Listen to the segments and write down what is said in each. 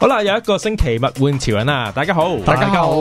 好啦，有一個星期物玩潮人啊！大家好，大家好。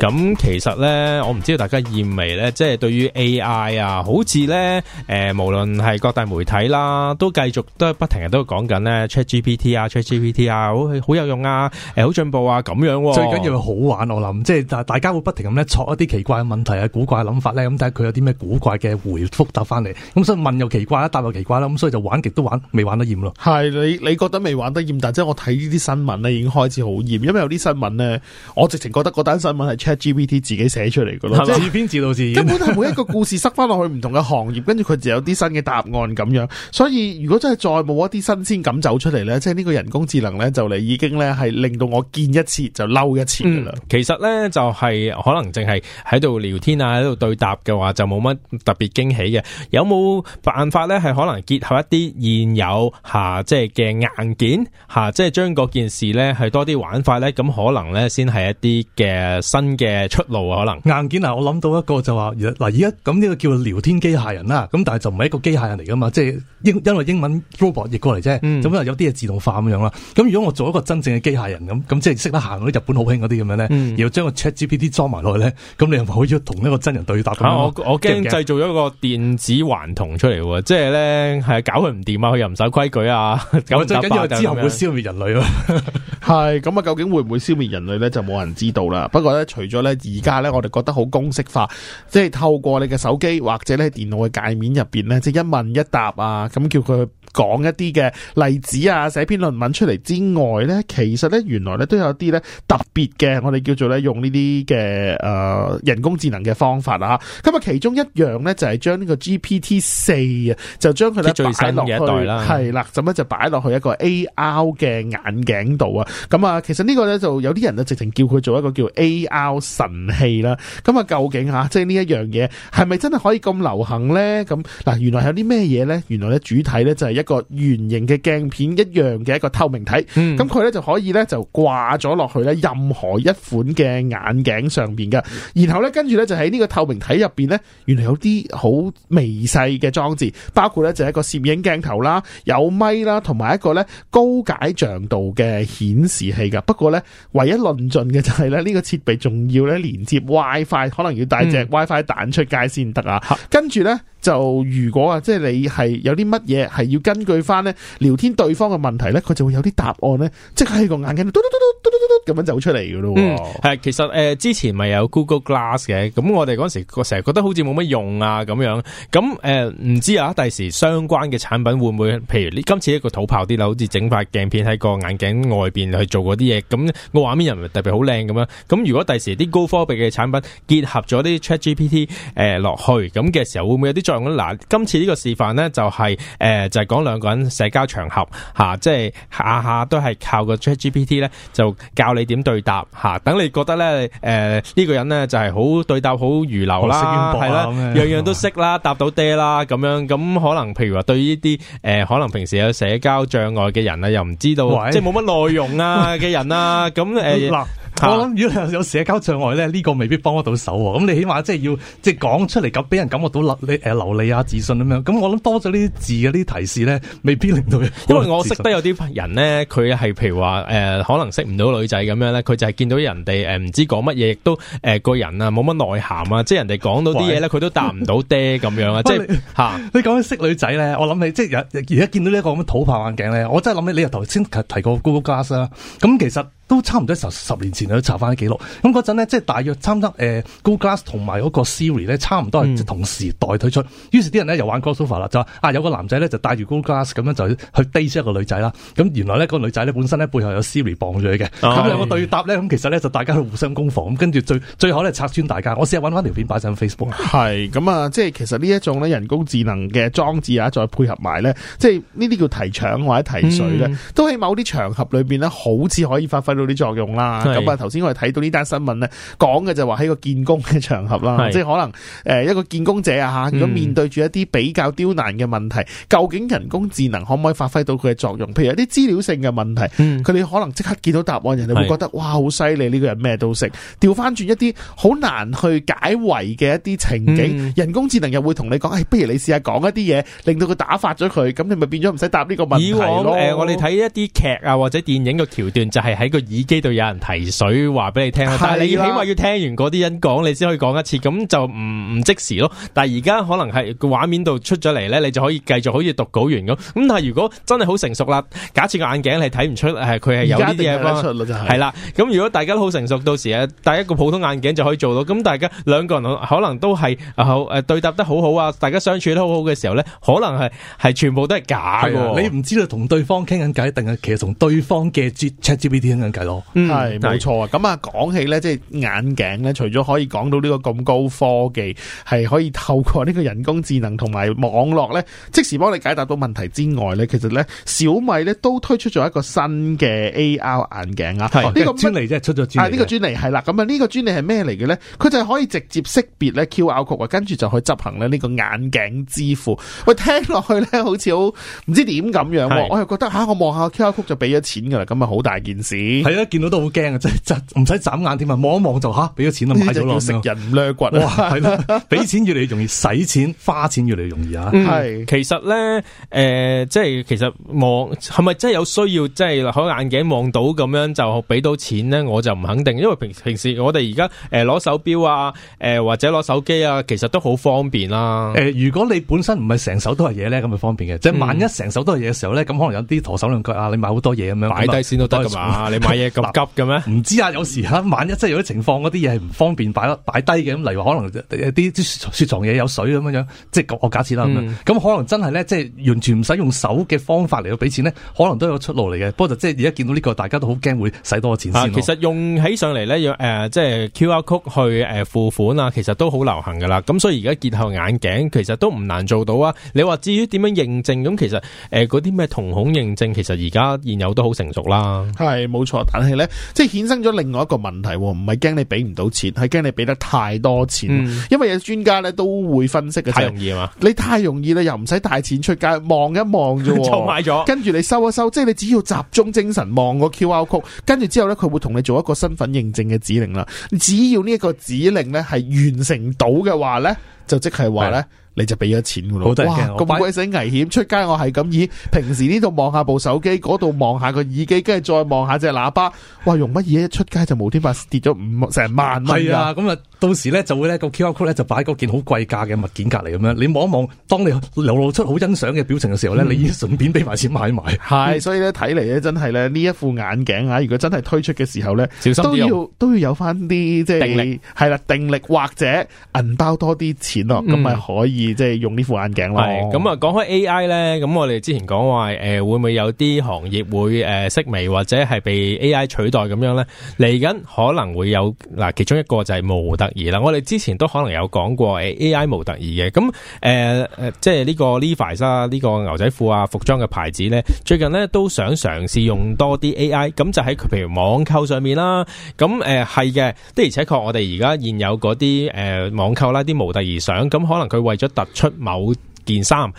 咁其實咧，我唔知道大家厭未咧，即係對於 A I 啊，好似咧誒，無論係各大媒體啦，都繼續都不停日都講緊咧 ChatGPT 啊，ChatGPT 啊，好好有用啊，誒、欸，好進步啊，咁樣、啊。最緊要好玩，我諗，即係大大家會不停咁咧，錯一啲奇怪嘅問題啊，古怪嘅諗法咧，咁睇佢有啲咩古怪嘅回覆答翻嚟。咁所以問又奇怪，答又奇怪啦，咁所以就玩極都玩，未玩得厭咯。係你你覺得未玩得厭，但即係我睇呢啲新。文已經開始好厭，因為有啲新聞咧，我直情覺得嗰單新聞係 ChatGPT 自己寫出嚟嘅咯，吧是自係自字自演，根本係每一個故事塞翻落去唔同嘅行業，跟住佢就有啲新嘅答案咁樣。所以如果真係再冇一啲新鮮感走出嚟咧，即係呢個人工智能咧，就嚟已經咧係令到我見一次就嬲一次啦、嗯。其實咧就係可能淨係喺度聊天啊，喺度對答嘅話，就冇乜特別驚喜嘅。有冇辦法咧係可能結合一啲現有下，即係嘅硬件嚇，即係將嗰件事咧係多啲玩法咧，咁可能咧先係一啲嘅新嘅出路啊。可能，的的可能硬件啊，我諗到一個就話嗱，而家咁呢個叫做聊天機械人啦，咁但係就唔係一個機械人嚟噶嘛，即係英因為英文 robot 譯過嚟啫，咁啊、嗯、有啲嘢自動化咁樣啦。咁如果我做一個真正嘅機械人咁，咁即係識得行嗰啲日本好興嗰啲咁樣咧，嗯、要將個 ChatGPT 裝埋落去咧，咁你係咪可以同一個真人對答、啊？我我驚製造咗一個電子頑童出嚟，即係咧係搞佢唔掂啊，佢又唔守規矩啊，我最緊要之後會消滅人類啊！ 係咁啊， 究竟會唔會消滅人類呢？就冇人知道啦。不過呢，除咗呢，而家呢，我哋覺得好公式化，即係透過你嘅手機或者呢電腦嘅界面入邊呢，即係一問一答啊，咁叫佢。講一啲嘅例子啊，寫篇論文出嚟之外咧，其實咧原來咧都有啲咧特別嘅，我哋叫做咧用呢啲嘅誒人工智能嘅方法啦。咁啊，其中一樣咧就係將呢個 GPT 四啊，就將佢咧最新嘅一代，擺落去，係啦，咁樣就擺落去一個 AR 嘅眼鏡度啊。咁啊，其實呢個咧就有啲人咧直情叫佢做一個叫 AR 神器啦。咁啊，究竟吓即係呢一樣嘢係咪真係可以咁流行咧？咁嗱，原來有啲咩嘢咧？原來咧主體咧就係一。一個圓形嘅鏡片一樣嘅一個透明體，咁佢呢就可以呢就掛咗落去呢任何一款嘅眼鏡上邊嘅，然後呢，跟住呢就喺呢個透明體入邊呢，原來有啲好微細嘅裝置，包括呢就係、是、一個攝影鏡頭啦，有咪啦，同埋一個呢高解像度嘅顯示器噶。不過呢，唯一論盡嘅就係呢呢個設備仲要呢連接 WiFi，可能要帶隻 WiFi 蛋出街先得啊。嗯、跟住呢。就如果啊，即係你係有啲乜嘢係要根據翻咧聊天對方嘅問題咧，佢就會有啲答案咧、嗯，即係喺個眼鏡嘟嘟嘟嘟嘟嘟嘟嘟咁樣走出嚟噶咯。係其實誒之前咪有 Google Glass 嘅，咁我哋陣時成日覺得好似冇乜用啊咁樣。咁誒唔知啊，第時相關嘅產品會唔會，譬如呢今次一個土炮啲啦，好似整塊鏡片喺個眼鏡外邊去做嗰啲嘢。咁個畫面又特別好靚咁樣。咁如果第時啲高科技嘅產品結合咗啲 Chat GPT 誒、呃、落去，咁嘅時候會唔會有啲？嗱，今次呢個示範呢、就係呃，就係誒，就係講兩個人社交場合嚇，即、啊、係、就係、下下都係靠個 ChatGPT 咧，就教你點對答嚇、啊。等你覺得咧誒呢、呃這個人呢，就係好對答好如流啦，係、啊、啦，樣麼樣都識啦，答到爹啦咁樣。咁可能譬如話對呢啲、呃、可能平時有社交障礙嘅人啊，又唔知道喂即係冇乜內容啊嘅人啊，咁誒。 呃我諗，如果有有社交障礙咧，呢、呢個未必幫得到手。咁你起碼即係要，即係講出嚟，咁俾人感覺到流你誒流利啊自信咁樣。咁我諗多咗呢啲字啊，呢啲提示咧，未必令到。因為我識得有啲人咧，佢係譬如話誒、呃，可能識唔到女仔咁樣咧，佢就係見到人哋誒唔知講乜嘢，亦都誒個人啊冇乜內涵喂啊，即係人哋講到啲嘢咧，佢都答唔到爹咁樣啊。即係吓，你講起識女仔咧，我諗起即係而家見到呢一個咁嘅土炮眼鏡咧，我真係諗起你頭先提過 Google Glass 啦。咁其實。都差唔多十十，年前去查翻啲記錄，咁嗰陣咧即係大約差唔多 Google Glass 同埋嗰個 Siri 咧差唔多係同時代推出，嗯、於是啲人咧又玩 Gosuva 啦，就話啊有個男仔咧就戴住 Google Glass 咁樣就去 date 一個女仔啦，咁原來咧個女仔咧本身咧背後有 Siri 傍咗佢嘅，咁兩個對答咧咁其實咧就大家去互相攻防，咁跟住最最後咧拆穿大家，我試下揾翻條片擺上 Facebook。係，咁啊即係其實呢一種咧人工智能嘅裝置啊，再配合埋咧，即係呢啲叫提搶或者提水咧，嗯、都喺某啲場合裏邊咧好似可以發揮嗯、到啲作用啦，咁啊頭先我哋睇到呢單新聞咧，講嘅就話喺個見工嘅場合啦，即係可能誒一個見工者啊吓，如果面對住一啲比較刁難嘅問題，究竟人工智能可唔可以發揮到佢嘅作用？譬如一啲資料性嘅問題，佢哋、嗯、可能即刻見到答案，人哋會覺得是哇好犀利，呢個人咩都識。調翻轉一啲好難去解圍嘅一啲情景，嗯、人工智能又會同你講、哎，不如你試下講一啲嘢，令到佢打發咗佢，咁你咪變咗唔使答呢個問題咯。呃、我哋睇一啲劇啊或者電影嘅橋段，就係、是、喺個。耳機度有人提水話俾你聽，但係你起碼要聽完嗰啲人講，你先可以講一次，咁就唔唔即時咯。但係而家可能係個畫面度出咗嚟咧，你就可以繼續好似讀稿員咁。咁但係如果真係好成熟啦，假設個眼鏡係睇唔出係佢係有啲嘢㗎，可出咯就係、係。啦，咁如果大家都好成熟，到時啊，戴一個普通眼鏡就可以做到。咁大家兩個人可能都係對誒對答得好好啊，大家相處得好好嘅時候咧，可能係全部都係假㗎、啊。你唔知道同對方傾緊偈，定係其實同對方嘅 ChatGPT 係咯，係冇錯啊！咁啊錯，講是起咧，即、就、係、是、眼鏡咧，除咗可以講到呢個咁高科技，係可以透過呢個人工智能同埋網絡咧，即時幫你解答到問題之外咧，其實咧，小米咧都推出咗一個新嘅 AR 眼鏡啊！係、這、呢個專利係出咗專利，個專利呢個專利係啦，咁啊，呢個專利係咩嚟嘅咧？佢就可以直接識別咧 Q r 曲啊，跟住就去執行咧呢個眼鏡支付。喂，聽落去咧，好似好唔知點咁樣，是我又覺得吓、啊，我望下 Q r 曲就俾咗錢噶啦，咁啊，好大件事。係啦，見到都好驚啊！即係唔使眨眼添啊，望一望就吓，俾咗錢啦，買咗啦。呢啲叫食人骨啊！係啦哇，俾 錢越嚟越容易，使錢花錢越嚟越容易啊！係、嗯是呃，其實咧，誒，即係其實望係咪真係有需要，即係攞眼鏡望到咁樣就俾到錢咧？我就唔肯定，因為平平時我哋而家誒攞手表啊，誒、呃、或者攞手機啊，其實都好方便啦、啊。誒、呃，如果你本身唔係成手都係嘢咧，咁咪方便嘅。嗯、即係萬一成手都係嘢嘅時候咧，咁可能有啲陀手兩腳啊，你買好多嘢咁樣，買低先都得噶嘛，你買。急嘅咩？唔知啊，有時吓，萬一真係有啲情況，嗰啲嘢係唔方便擺擺低嘅，咁例如可能啲雪，雪藏嘢有水咁樣、嗯、樣，即係我假設啦咁樣。咁可能真係咧，即係完全唔使用，用手嘅方法嚟到俾錢咧，可能都有出路嚟嘅。不過就即係而家見到呢、這個，大家都好驚會使多錢先、啊。其實用起上嚟咧，誒、呃、即係 Q R code 去誒付款啊，其實都好流行噶啦。咁所以而家結合眼鏡，其實都唔難做到啊。你話至於點樣認證咁，其實誒嗰啲咩瞳孔認證，其實而家現有都好成熟啦。係，冇錯。但係咧，即係衍生咗另外一個問題，唔係驚你俾唔到錢，係驚你俾得太多錢。嗯、因為有專家咧都會分析嘅，太容易嘛？你太容易啦，又唔使帶錢出街，望一望啫， 就買咗了。跟住你收一收，即係你只要集中精神望個 QR Code，跟住之後咧，佢會同你做一個身份認證嘅指令啦。只要呢一個指令咧係完成到嘅話咧，就即係話咧。你就俾咗錢㗎咯，好得哇！咁鬼放死危險，出街我係咁意平時呢度望下部手機，嗰度望下個耳機，跟住再望下隻喇叭。哇！用乜嘢出街就冇啲啊？跌咗五成萬蚊。係啊，咁啊，到時咧就會咧、嗰個 QR Code 咧就擺喺件好貴價嘅物件隔離咁樣。你望一望，當你流露出好欣賞嘅表情嘅時候咧，嗯、你已經順便俾埋錢買埋。係，所以咧睇嚟咧真係咧呢一副眼鏡啊！如果真係推出嘅時候咧，都要都要有翻啲即係係啦定力，啊、定力或者銀包多啲錢咯，咁咪、嗯、可以。即係用呢副眼鏡啦咁啊，講開、嗯、哦、A.I. 咧，咁我哋之前講話誒，會唔會有啲行業會誒，識微或者係被 A.I. 取代咁樣咧？嚟緊可能會有嗱，其中一個就係模特兒啦。我哋之前都可能有講過誒，A.I. 模特兒嘅。咁誒誒，即係呢個 Levi's 啦，呢個牛仔褲啊，服裝嘅牌子，咧，最近咧都想嘗試用多啲 A.I. 咁就喺譬如網購上面啦。咁誒係嘅，的而且確我哋而家現有嗰啲誒網購啦，啲模特兒相咁可能佢為咗。突出某件衫。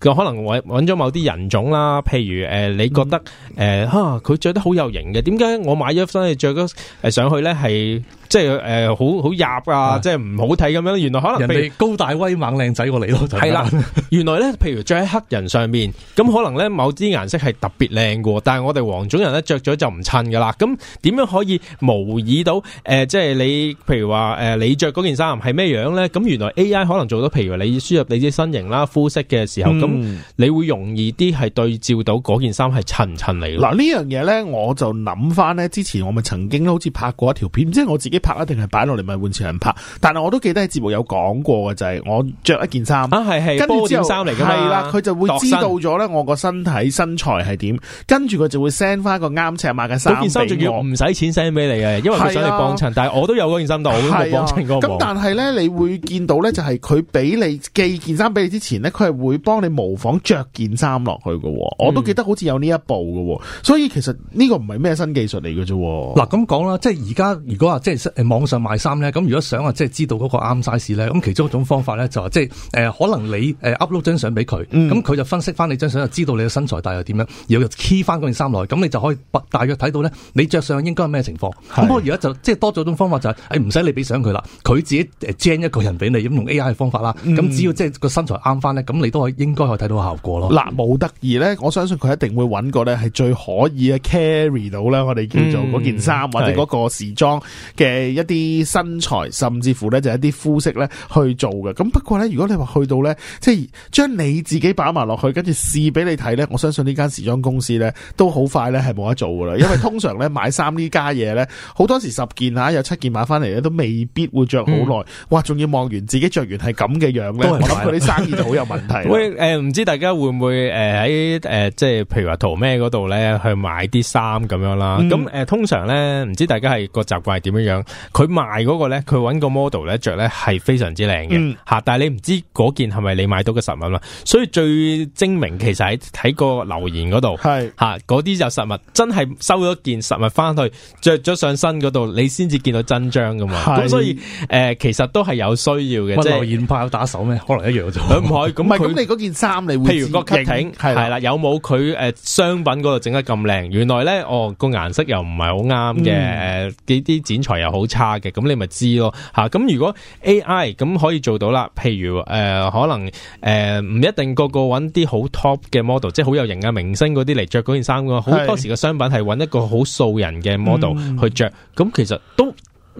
佢可能揾咗某啲人種啦，譬如誒、呃，你覺得誒，吓佢着得好有型嘅，點解我買咗身嚟着咗誒上去咧，係即係誒、呃、好好入啊，啊即係唔好睇咁樣？原來可能人哋高大威猛靚仔過你咯，係啦。 原來咧，譬如着喺黑人上面，咁可能咧某啲顏色係特別靚喎。但係我哋黃種人咧着咗就唔襯噶啦。咁點樣可以模擬到誒、呃，即係你譬如話誒、呃，你着嗰件衫係咩樣咧？咁原來 A I 可能做到，譬如你輸入你啲身形啦、膚色嘅時候。嗯嗯、你會容易啲係對照到嗰件衫係襯唔襯你咯？嗱呢樣嘢咧，我就諗翻咧，之前我咪曾經好似拍過一條片，唔知我自己拍定係擺落嚟咪換成人拍。但係我都記得喺節目有講過嘅，就係、是、我着一件衫，啊係係波點衫嚟噶，係啦，佢就會知道咗咧我個身體身材係點，跟住佢就會 send 翻個啱尺碼嘅衫。嗰件衫仲要唔使錢 send 俾你嘅，因為佢想你幫襯，啊、但係我都有嗰件衫到，幫襯咁但係咧，你會見到咧，就係佢俾你寄件衫俾你之前咧，佢係會幫你。模仿着件衫落去嘅，我都記得好似有呢一步嘅，所以其實呢個唔係咩新技術嚟嘅啫。嗱咁講啦，即係而家如果話即係網上買衫咧，咁如果想話即係知道嗰個啱 size 咧，咁其中一種方法咧就係、是、即係誒、呃、可能你誒 upload 張相俾佢，咁佢、嗯、就分析翻你張相，就知道你嘅身材大約點樣，然後又 key 翻嗰件衫落去，咁你就可以大大約睇到咧你着上應該係咩情況。咁我而家就即係多咗一種方法就係、是，誒唔使你俾相佢啦，佢自己誒 gen 一個人俾你，咁用 A I 嘅方法啦，咁只要即係個身材啱翻咧，咁你都可以應該。睇到效果咯，啊，嗱冇得意咧，我相信佢一定會揾個咧係最可以啊 carry 到呢，我哋叫做嗰件衫或者嗰個時裝嘅一啲身材，嗯、甚至乎咧就一啲膚色咧去做嘅。咁不過咧，如果你話去到咧，即係將你自己擺埋落去，跟住試俾你睇咧，我相信呢間時裝公司咧都好快咧係冇得做噶啦。因為通常咧買衫呢家嘢咧，好 多時十件下有七件買翻嚟咧都未必會着好耐，哇、嗯！仲要望完自己着完係咁嘅樣咧，我諗佢啲生意就好有問題。 呃唔知大家會唔會誒喺誒即係譬如話淘咩嗰度咧去買啲衫咁樣啦？咁誒、嗯呃、通常咧，唔知大家係個習慣係點樣？佢賣嗰、那個咧，佢揾個 model 咧着咧係非常之靚嘅吓，嗯、但係你唔知嗰件係咪你買到嘅實物啦。所以最精明其實喺睇個留言嗰度係吓，嗰啲就實物，真係收咗件實物翻去着咗上身嗰度，你先至見到真章噶嘛。咁是所以誒、呃，其實都係有需要嘅。即係是、就是、留言怕有打手咩？可能一樣啫、嗯。唔係咁你嗰件衫。譬如個 cutting 係啦，有冇佢誒商品嗰度整得咁靚？原來咧，哦個顏色又唔係好啱嘅，誒啲、嗯呃、剪裁又好差嘅，咁你咪知咯吓。咁、啊、如果 AI 咁可以做到啦，譬如誒、呃、可能誒唔、呃、一定個個揾啲好 top 嘅 model，即係好有型嘅明星嗰啲嚟着嗰件衫噶，好是多時個商品係揾一個好素人嘅 model 去着，咁其實都。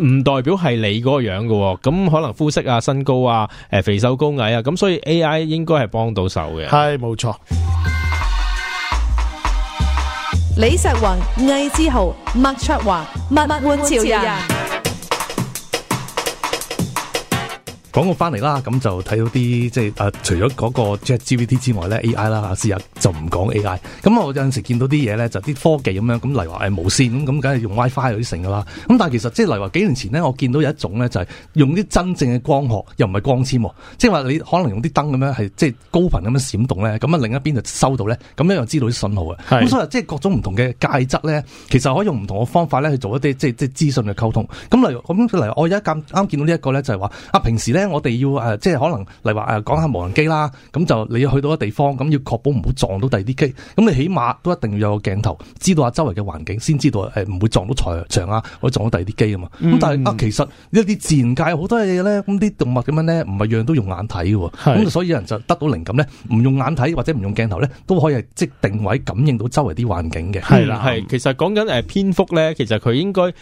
唔代表係你嗰個樣嘅，咁可能膚色啊、身高啊、誒、肥瘦高矮啊，咁所以 AI 應該係幫到手嘅。係，冇錯。李石宏、魏之豪、麥卓華、物玩潮人。講過翻嚟啦，咁就睇到啲即係誒、啊，除咗嗰個即係 GPT 之外咧，AI 啦、啊、嚇，先啊就唔講 AI。咁我有陣時見到啲嘢咧，就啲、是、科技咁樣，咁例如話誒無線咁，咁梗係用 WiFi 有啲成噶啦。咁但係其實即係例如話幾年前咧，我見到有一種咧，就係、是、用啲真正嘅光學，又唔係光纖，即係話你可能用啲燈咁樣係即係高頻咁樣閃動咧，咁啊另一邊就收到咧，咁一樣知道啲信號啊。咁是所以即係各種唔同嘅介質咧，其實可以用唔同嘅方法咧去做一啲即係即係資訊嘅溝通。咁嚟咁嚟，例如我而家咁啱見到呢一個咧，就係、是、話啊，平時咧。我哋要誒，即係可能例話誒，講下無人機啦。咁就你要去到一個地方，咁要確保唔好撞到第二啲機。咁你起碼都一定要有個鏡頭，知道下周圍嘅環境，先知道誒唔會撞到牆啊，或者撞到第二啲機啊嘛。咁、嗯、但係啊，其實一啲自然界好多嘢咧，咁啲動物咁樣咧，唔係樣樣都用眼睇，咁是所以有人就得到靈感咧，唔用眼睇或者唔用鏡頭咧，都可以係即定位、感應到周圍啲環境嘅。係啦的，係、嗯，其實講緊誒蝙蝠咧，其實佢應該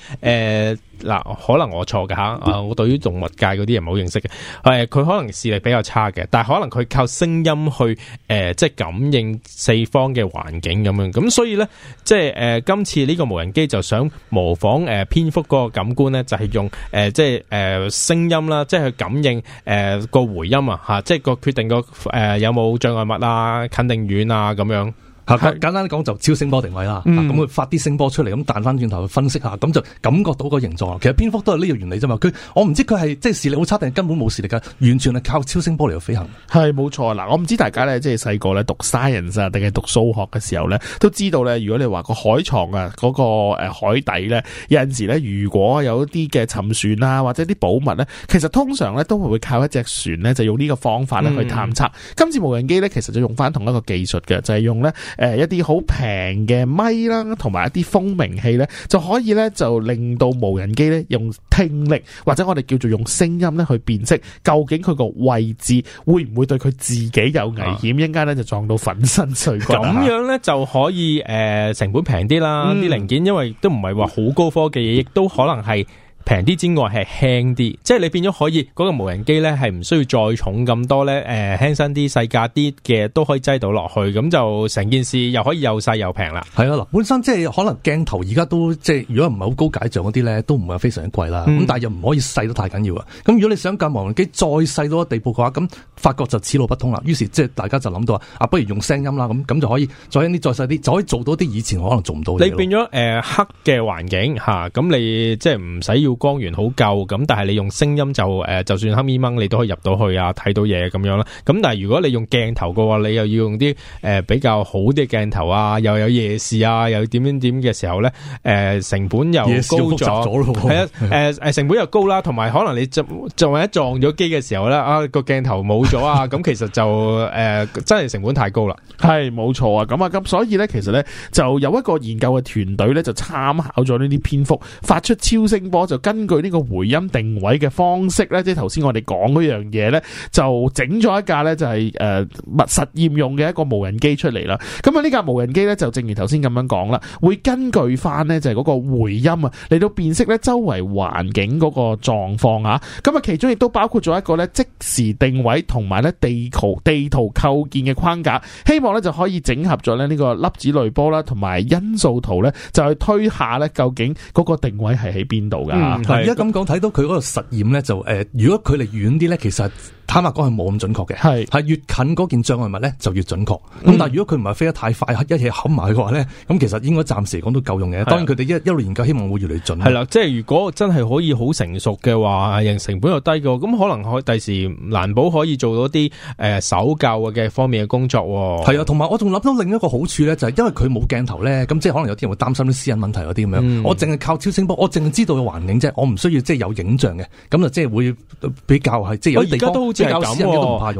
誒。嗱、啊，可能我錯嘅吓，我對於動物界嗰啲人冇認識嘅，佢、啊、可能視力比較差嘅，但係可能佢靠聲音去，誒、呃，即係感應四方嘅環境咁樣，咁所以咧，即係，誒、呃，今次呢個無人機就想模仿誒、呃、蝙蝠嗰個感官咧，就係、是、用，誒、呃，即係，誒、呃，聲音啦，即係去感應，誒、呃，個回音啊，吓，即係個決定個，誒，有冇障礙物啊，近定遠啊，咁樣。簡單講就超聲波定位啦，咁佢是、嗯、發啲聲波出嚟，咁彈翻轉頭去分析下，咁就感覺到個形狀。其實蝙蝠都係呢個原理啫嘛。佢我唔知佢係即係視力好差定係根本冇視力噶，完全係靠超聲波嚟到飛行。係冇錯。嗱，我唔知大家咧，即係細個咧讀 science 啊定係讀數學嘅時候咧，都知道咧，如果你話個海床啊，嗰個誒海底咧，有陣時咧，如果有啲嘅沉船啊或者啲寶物咧，其實通常咧都會靠一隻船咧就用呢個方法咧去探測。嗯、今次無人機咧其實就用翻同一個技術嘅，就係、是、用咧。誒、呃，一啲好平嘅咪啦，同埋一啲蜂鳴器呢，就可以呢，就令到無人機呢用聽力或者我哋叫做用聲音呢去辨識，究竟佢個位置會唔會對佢自己有危險，一陣間呢就撞到粉身碎骨。咁樣呢，就可以誒、呃，成本平啲啦，啲零件因為都唔係話好高科技嘢，亦都可能係。平啲之外，係輕啲，即係你變咗可以嗰、那個無人機咧，係唔需要再重咁多咧，誒、呃，輕身啲、細架啲嘅都可以擠到落去，咁就成件事又可以又細又平啦。係啦，嗱，本身即、就、係、是、可能鏡頭而家都即係，如果唔係好高解像嗰啲咧，都唔係非常貴啦。咁、嗯、但係又唔可以細得太緊要啊。咁如果你想架無人機再細到個地步嘅話，咁發覺就此路不通啦。於是即係大家就諗到啊，啊，不如用聲音啦。咁咁就可以再輕啲再細啲，就可以做到啲以前可能做唔到嘢。你變咗誒、呃、黑嘅環境吓，咁、啊、你即係唔使要。光源好夠咁，但係你用聲音就誒、呃，就算黑咪掹你都可以入到去啊，睇到嘢咁樣啦。咁但係如果你用鏡頭嘅話，你又要用啲誒、呃、比較好啲鏡頭啊，又有夜視啊，又點點點嘅時候咧，誒、呃、成本又高咗，係啊，誒誒對、呃、成本又高啦。同埋可能你撞，就萬一撞咗機嘅時候咧，啊個鏡頭冇咗啊，咁 其實就誒、呃、真係成本太高啦。係冇錯啊。咁啊咁，所以咧其實咧就有一個研究嘅團隊咧就參考咗呢啲蝙蝠，發出超聲波就高了。根據呢個回音定位嘅方式呢即係頭先我哋講嗰樣嘢呢就整咗一架呢，就係誒，實驗用嘅一個無人機出嚟啦。咁啊，呢架無人機呢，就正如頭先咁樣講啦，會根據翻呢就係嗰個回音啊嚟到辨識呢周圍環境嗰個狀況啊。咁啊，其中亦都包括咗一個呢即時定位同埋呢地圖地圖構建嘅框架，希望呢就可以整合咗呢呢個粒子濾波啦同埋因素圖呢，就去推下呢究竟嗰個定位係喺邊度噶。嗯而家咁講睇到佢嗰個實驗咧，就誒，如果佢離遠啲咧，其實。坦白講係冇咁準確嘅，係係是越近嗰件障礙物咧就越準確。咁、嗯、但係如果佢唔係飛得太快，一嘢冚埋嘅話咧，咁其實應該暫時講都夠用嘅。的當然佢哋一一路研究，希望會越嚟越準確。係啦，即係如果真係可以好成熟嘅話，成本又低嘅，咁可能可第時難保可以做到啲誒搜救嘅方面嘅工作、哦。係啊，同埋我仲諗到另一個好處咧，就係、是、因為佢冇鏡頭咧，咁即係可能有啲人會擔心啲私隱問題嗰啲咁樣。嗯、我淨係靠超聲波，我淨係知道個環境啫，我唔需要即係有影像嘅，咁就即係會比較係即係有地方。即係咁喎，誒、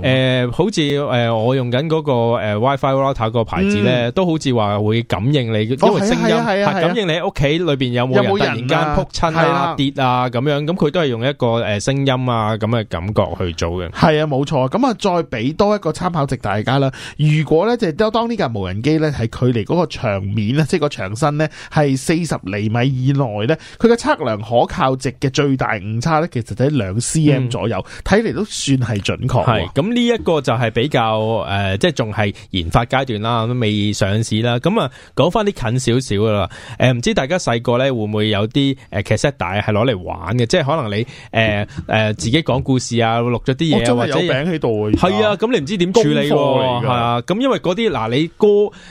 欸，好似我用緊嗰個 WiFi router 個牌子咧，嗯、都好似話會感應你，哦、因為聲音感應你屋企裏面有冇人突然間撲親、啊啊、跌啊咁樣，咁佢都係用一個誒聲音啊咁嘅感覺去做嘅。係啊，冇錯。咁啊，再俾多一個參考值大家啦。如果咧就都、是、當呢架無人機咧係距離嗰個牆面咧，即、就、係、是、個牆身咧係四十厘米以內咧，佢嘅測量可靠值嘅最大誤差咧，其實喺兩 CM 左右，睇嚟都算。係準確，係咁呢一個就係比較誒，即係仲係研發階段啦，未上市啦。咁啊，講翻啲近少少噶啦，誒唔知大家細個咧會唔會有啲誒 Cassette 帶係攞嚟玩嘅？即係可能你誒、呃呃、自己講故事啊，錄咗啲嘢，或者有餅喺度，係啊，咁你唔知點處理喎？啊，咁因為嗰啲嗱，你歌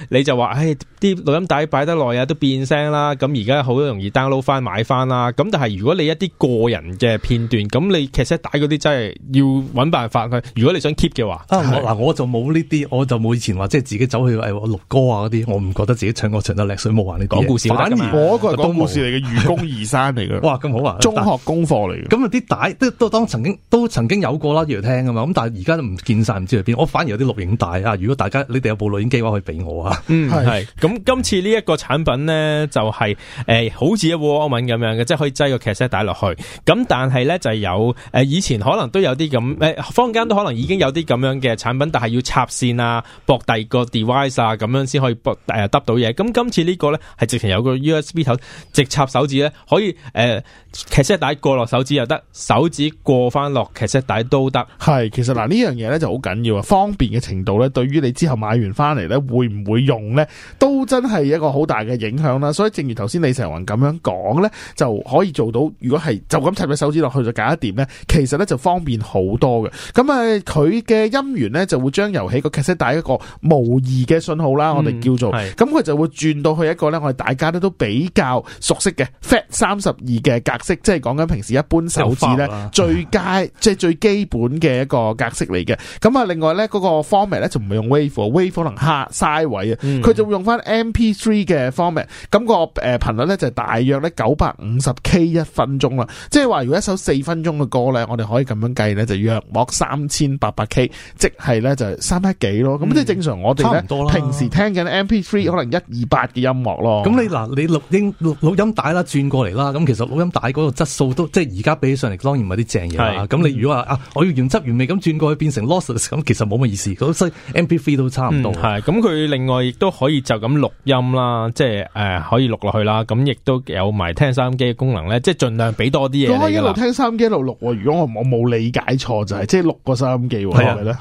你就話誒啲錄音帶擺得耐啊，都變聲啦。咁而家好容易 download 翻買翻啦。咁但係如果你一啲個人嘅片段，咁你 Cassette 帶嗰啲真係要諗辦法佢，如果你想 keep 嘅話，嗱我就冇呢啲，我就冇以前話即係自己走去誒錄歌啊嗰啲，我唔覺得自己唱歌唱得叻水，冇話你講故事，反而我係講故事嚟嘅，愚公移山嚟嘅。哇咁好啊，但中學功課嚟嘅，咁啊啲帶都都當曾經都曾經有過啦，要聽啊嘛，咁但係而家都唔見晒，唔知去邊，我反而有啲錄影帶啊，如果大家你哋有部錄影機嘅話，可以俾我啊，係，咁今次呢一個產品咧就係、是、誒、欸、好似一個 Walkman 咁樣嘅，即係可以擠個 cassette 帶落去，咁但係咧就係有誒、呃、以前可能都有啲咁坊間都可能已經有啲咁樣嘅產品，但係要插線啊、駁第二個 device 啊，咁樣先可以駁誒得到嘢。咁今次呢個呢，係直情有個 USB 頭，直插手指呢，可以誒，cassette 帶過落手指又得，手指過翻落 cassette 帶都得。係其實嗱呢樣嘢呢就好緊要啊，方便嘅程度呢，對於你之後買完翻嚟呢，會唔會用呢？都真係一個好大嘅影響啦。所以正如頭先李成雲咁樣講呢，就可以做到。如果係就咁插咗手指落去就搞得掂呢，其實呢就方便好多。咁啊，佢嘅音源咧就會將遊戲個 cassette 帶一個模擬嘅信號啦，嗯、我哋叫做，咁佢是就會轉到去一個咧，我哋大家都都比較熟悉嘅 fat 三十二嘅格式，即係講緊平時一般手指咧最佳即係最基本嘅一個格式嚟嘅。咁啊、嗯，另外咧嗰個 format 咧就唔係用 wave，wave wave 可能嘥晒位啊，佢、嗯、就會用翻 M P three 嘅 format，咁個誒頻率咧就大約咧九百五十 K 一分鐘啦。即係話如果一首四分鐘嘅歌咧，我哋可以咁樣計咧就約。莫三千八百 K，即係咧就係三一幾咯，咁、嗯、即係正常我哋咧平時聽緊 MP3 可能一二八嘅音樂咯。咁、嗯、你嗱，你錄音錄錄音帶啦，轉過嚟啦，咁其實錄音帶嗰個質素都即係而家比起上嚟，當然唔係啲正嘢咁是你如果話、嗯、啊，我要原汁原味咁轉過去變成 Lossless，咁其實冇乜意思，咁所以 MP3 都差唔多。係咁、嗯，佢另外亦都可以就咁錄音啦，即係誒、呃、可以錄落去啦。咁亦都有埋聽收音機嘅功能咧，即係盡量俾多啲嘢。你一路聽收音機一路錄。如果我我冇理解錯就係。即係六個收音機喎，係咪啦，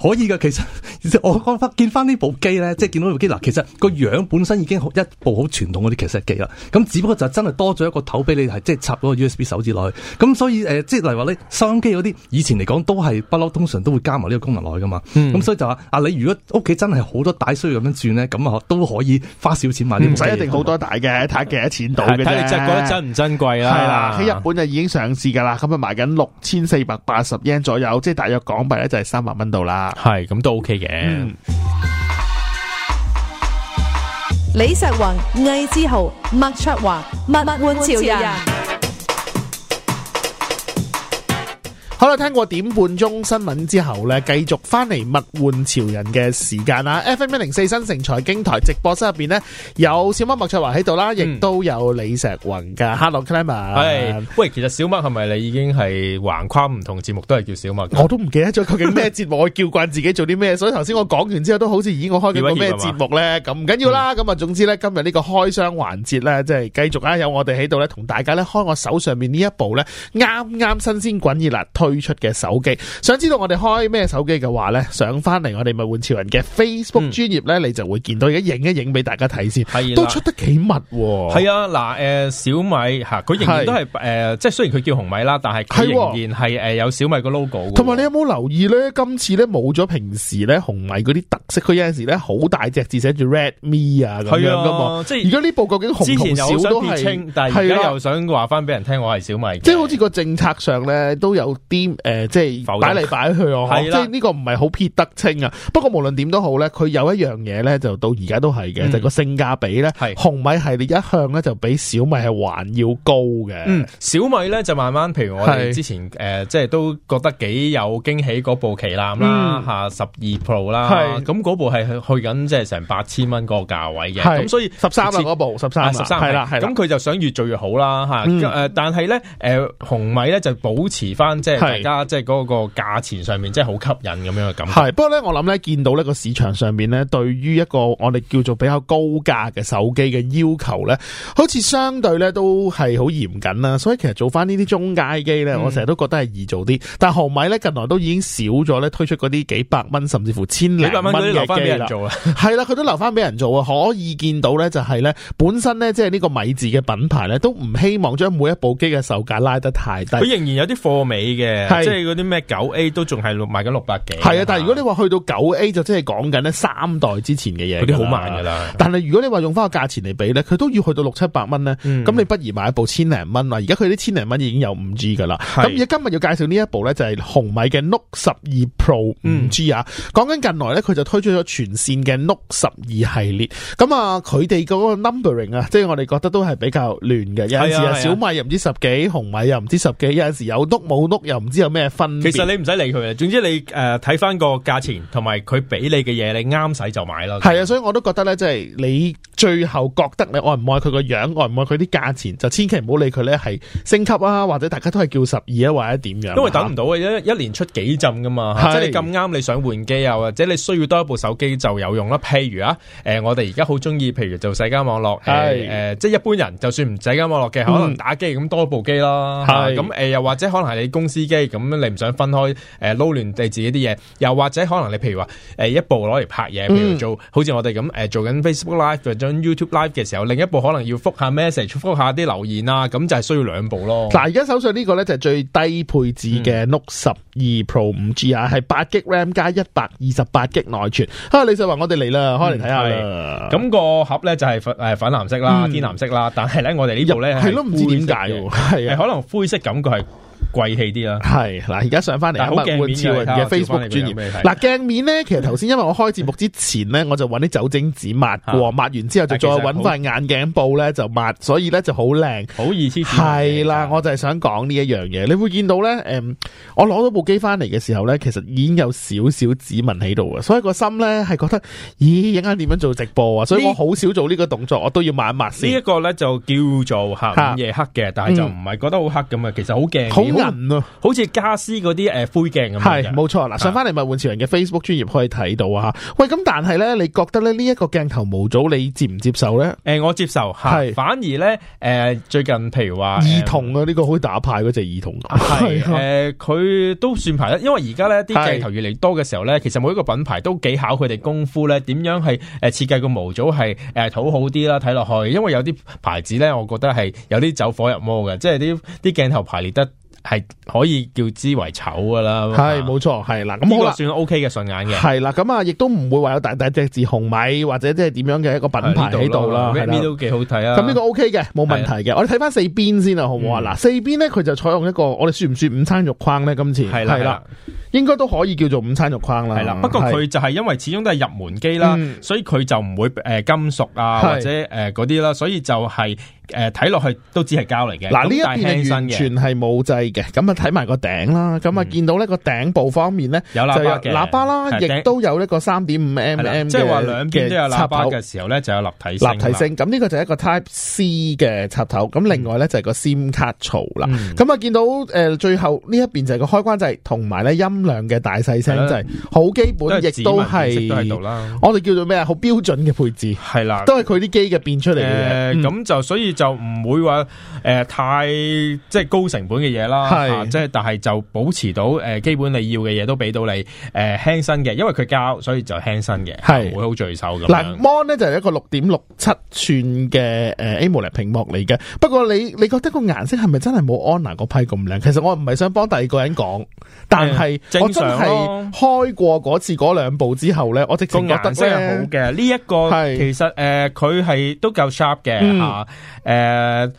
可以噶。其實我講見翻呢部機咧，即係見到呢部機嗱，其實個樣本身已經一部好傳統嗰啲卡式機啦。咁只不過就真係多咗一個頭俾你，即係插嗰個 USB 手指落去。咁所以、呃、即係例如話咧，收音機嗰啲以前嚟講都係不嬲，通常都會加埋呢個功能落去噶嘛。咁、嗯、所以就話啊，你如果屋企真係好多帶需要咁樣轉呢，咁啊都可以花少錢買部，唔使一定好多帶嘅，睇幾嗎多錢到睇 你覺得珍唔珍貴啦。係啦、啊，喺日本就已經上市噶啦，咁啊賣緊六千四百八十 yen 有即係大約港幣咧，就係三百蚊度啦。係咁都 OK 嘅。嗯、李石宏、魏之豪、麥卓華、麥換潮人。好啦，聽過點半鐘新聞之後咧，繼續翻嚟物玩潮人嘅時間啦、啊。 FM 一零四新城財經台直播室入邊呢，有小麥麥卓華喺度啦，亦、嗯、都有李石雲㗎。h e l l o c l i m e 係喂，其實小麥係咪你已經係橫跨唔同節目都係叫小麥？我都唔記得咗究竟咩節目 我叫慣自己做啲咩，所以頭先我講完之後都好似已經我開緊個咩節目咧。咁唔緊要啦，咁啊、嗯，總之咧今日呢個開箱環節咧，即係繼續啊，有我哋喺度咧，同大家咧開我手上面呢一部咧，啱啱新鮮滾熱辣推出嘅手機，想知道我哋開咩手機嘅話咧，上翻嚟我哋物玩潮人嘅 Facebook 專頁咧，你就會見到，而家影一影俾大家睇先。係都出得幾密喎？係啊，嗱，誒小米嚇，佢仍然都係誒，即係雖然佢叫紅米啦，但係佢仍然係誒有小米個 logo。同埋你有冇留意咧？今次咧冇咗平時咧紅米嗰啲特色，佢有陣時咧好大隻字寫住 Redmi 啊咁樣噶嘛？即係而家呢部究竟紅同少都係，但係而家又想話翻俾人聽，我係小米。即係好似個政策上咧都有啲誒即係擺嚟擺去啊，即係呢個唔係好撇得清啊。不過無論點都好咧，佢有一樣嘢咧，就到而家都係嘅，就個性價比咧。紅米系列一向咧就比小米係還要高嘅。小米咧就慢慢，譬如我哋之前誒即係都覺得幾有驚喜嗰部旗艦啦嚇，十二 Pro 啦，咁嗰部係去緊即係成八千蚊嗰個價位嘅，咁所以十三啦嗰部十三十三係啦，咁佢就想越做越好啦嚇誒，但係咧誒紅米咧就保持翻即係。而家即係嗰個價錢上面，即係好吸引咁樣嘅感覺。係，不過咧，我諗咧，見到呢個市場上面咧，對於一個我哋叫做比較高價嘅手機嘅要求咧，好似相對咧都係好嚴謹啦。所以其實做翻呢啲中階機咧，嗯、我成日都覺得係易做啲。但係紅米咧近來都已經少咗咧推出嗰啲幾百蚊，甚至乎千幾百蚊嘅機啦。留翻俾人做啊。係啦，佢 都留翻俾人做啊。可以見到咧，就係、是、咧本身咧，即係呢個米字嘅品牌咧，都唔希望將每一部機嘅售價拉得太低。佢仍然有啲貨尾嘅。是即係嗰啲咩九 A 都仲係賣緊六百幾。係啊，但係如果你話去到九 A 就即係講緊呢三代之前嘅嘢，嗰啲好慢噶啦。但係如果你話用翻個價錢嚟比咧，佢都要去到六七百蚊咧。咁、嗯、你不如買一部一千零蚊啦。而家佢啲千零蚊已經有五 G 噶啦。咁是而家今日要介紹呢一部咧就係紅米嘅 Note 十二 Pro 五 G 啊、嗯。講緊近來咧佢就推出咗全線嘅 Note 十二系列。咁啊，佢哋嗰個 numbering 啊，即係我哋覺得都係比較亂嘅。有陣時啊，小米又唔知十幾，紅米又唔知十幾，有陣時有 Note 冇 Note 又。唔知有咩分？其實你唔使理佢嘅，總之你呃、睇翻個價錢同埋佢俾你嘅嘢，你啱使就買咯。係啊，所以我都覺得咧，即係你最後覺得你愛唔愛佢個樣，愛唔愛佢啲價錢，就千祈唔好理佢咧，係升級啊，或者大家都係叫十二啊，或者點樣？因為等唔到嘅、啊，一年出幾陣噶嘛。的即係你咁啱你想換機啊，或者你需要多一部手機就有用啦。譬如啊，呃、我哋而家好中意，譬如做社交網絡，的呃、即一般人就算唔社交網絡嘅，嗯、可能打機咁多部機啦。咁又的、呃、或者可能係你公司咁你唔想分開誒撈亂地自己啲嘢，又或者可能你譬如話誒一部攞嚟拍嘢，譬如做、嗯、好似我哋咁誒做緊 Facebook Live 或者做 YouTube Live 嘅時候，另一部可能要覆下 message、覆下啲留言啊，咁就係需要兩部咯。嗱，而家手上呢個咧就係最低配置嘅六十二 Pro 五 G 啊、嗯，係八 GB RAM 加一百二十八 g 內內存。啊，李 s 我哋嚟啦，開嚟睇下啦。咁個盒咧就係粉誒粉藍色啦、嗯、天藍色啦，但係咧我哋呢度咧係都唔知點解係係可能灰色感覺係。貴氣啲啦，係嗱、啊，而家上翻嚟好鏡面嘅 Facebook 專業。嗱鏡面咧，其實頭先因為我開節目之前咧， 我就揾啲酒精紙抹過，抹完之後就再揾塊眼鏡布咧就抹，所以咧就好靚，好意思。係啦，嗯、我就係想講呢一樣嘢，啊、你會見到咧，誒、嗯，我攞到部機翻嚟嘅時候咧，其實已經有少少指紋喺度嘅，所以個心咧係覺得，咦，依家點樣做直播啊？所以我好少做呢個動作，我都要抹一抹先。這這個、呢一個咧就叫做嚇午夜黑嘅，是但係就唔係覺得好黑咁啊，其實好鏡。很好似家私嗰啲誒灰鏡咁，係冇錯啦。上返嚟物玩潮人嘅 Facebook 專頁可以睇到啊，吓。喂，咁但係咧，你覺得咧呢一個鏡頭模組你接唔接受咧？誒、呃，我接受，係是反而咧，誒、呃，最近譬如話兒童啊，呢、嗯、個可以打牌嗰隻兒童，係誒是，佢、啊呃、都算排得。因為而家咧啲鏡頭越嚟越多嘅時候咧，是其實每一個品牌都幾考佢哋功夫咧，點樣係誒設計個模組係誒討好啲啦，睇落去。因為有啲牌子咧，我覺得係有啲走火入魔嘅，即係啲啲鏡頭排列得。係可以叫之為醜噶啦，係冇錯，係啦，咁好啦，算 OK 嘅順眼嘅，係啦，咁啊，亦都唔會話有大大隻字紅米或者即係點樣嘅一個品牌喺度啦，呢邊都幾好睇啊，咁呢個 OK 嘅，冇問題嘅，我哋睇翻四邊先啦，好唔好啊？嗱四邊咧，佢就採用一個，我哋算唔算午餐肉框咧？今次係啦，應該都可以叫做午餐肉框啦，係啦，不過佢就係因為始終都係入門機啦，所以佢就唔會誒金屬啊或者誒嗰啲啦，所以就係。誒，睇落去都只係膠嚟嘅。嗱，呢一邊完全係冇掣嘅。咁啊，睇埋個頂啦。咁啊，見到呢個頂部方面咧，有喇叭嘅，喇叭啦，亦都有呢個三點五 mm，即係話兩邊都有喇叭嘅時候咧，就有立體立體聲。咁呢個就係一個 Type C 嘅插頭。咁另外咧就係個 SIM 卡槽啦。咁啊，見到誒，最後呢一邊就係個開關掣，同埋咧音量嘅大細聲掣，好基本，亦都係我哋叫做咩啊？好標準嘅配置係啦，都係佢啲機嘅變出嚟嘅。咁就所以。就唔會話誒、呃、太即係高成本嘅嘢啦，係即係但係就保持到誒、呃、基本你要嘅嘢都俾到你誒輕、呃、身嘅，因為佢膠所以就輕身嘅，係是唔會好聚手咁。嗱 Mon 咧就係、是、一個六點六七寸嘅、呃、誒 AMOLED 屏幕嚟嘅，不過你你覺得個顏色係咪真係冇 Honor 嗰批咁靚？其實我唔係想幫第二個人講，但係我真係開過嗰次嗰兩部之後咧，我直係覺得咧、啊、好嘅呢一個其實誒佢係都夠 sharp 嘅吓。嗯啊誒，